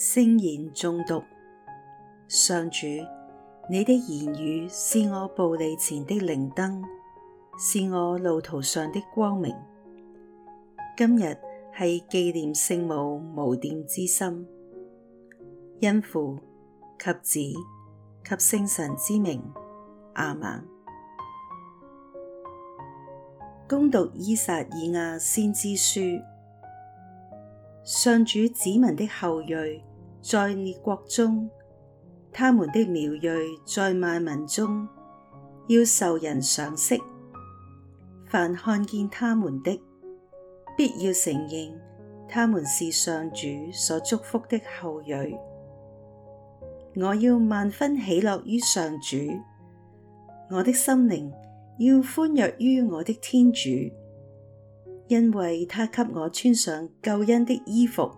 聖言誦讀，上主，你的言語是我步履前的靈燈，是我路途上的光明。今日係紀念聖母無玷之心，因父及子及聖神之名，阿們。恭讀《依撒意亞先知書》，上主子民的後裔。在列國中，他們的苗裔在萬民中要受人賞識。凡看見他們的，必要承認他們是上主所祝福的後裔。我要萬分喜樂於上主，我的心靈要歡躍於我的天主，因為他給我穿上救恩的衣服。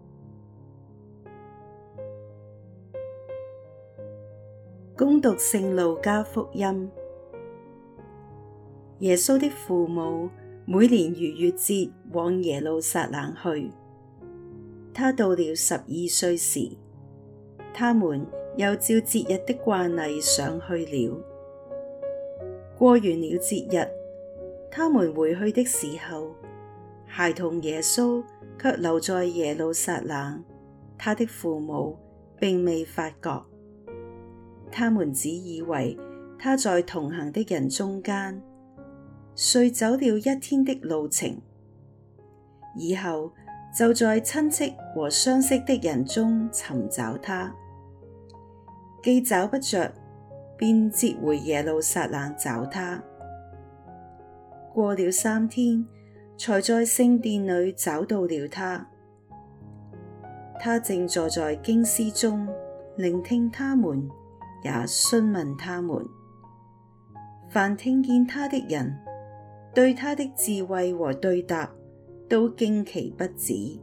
恭讀聖路加福音，耶穌的父母每年逾越節往耶路撒冷去。他到了十二歲時，他們又照節日的慣例上去了。過完了節日，他們回去的時候，孩童耶穌却留在耶路撒冷，他的父母并未發覺。他們只以為他在同行的人中間，遂走了一天的路程。以後就在親戚和相識的人中尋找他，既找不着，便折回耶路撒冷找他。過了三天，才在聖殿裏找到了他。他正坐在經師中聆聽他們。也詢問他們，凡聽見他的人，對他的智慧和對答都驚奇不止。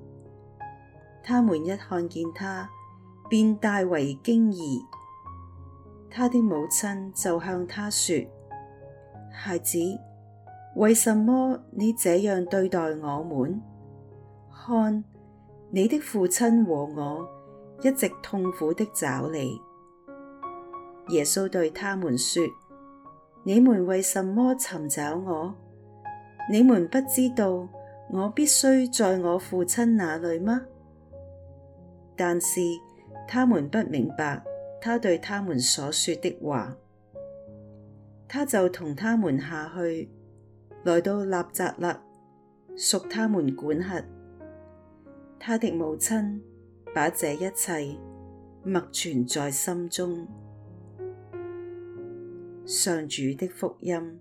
他們一看見他，便大為驚異。他的母親就向他說：孩子，為什麼你這樣對待我們？看，你的父親和我一直痛苦的找你。耶穌對他們說：你們為什麼尋找我？你們不知道我必須在我父親那裏嗎？但是他們不明白他對他們所說的話。他就同他們下去，來到納匝肋，屬他們管轄。他的母親把這一切默存在心中。上主的福音。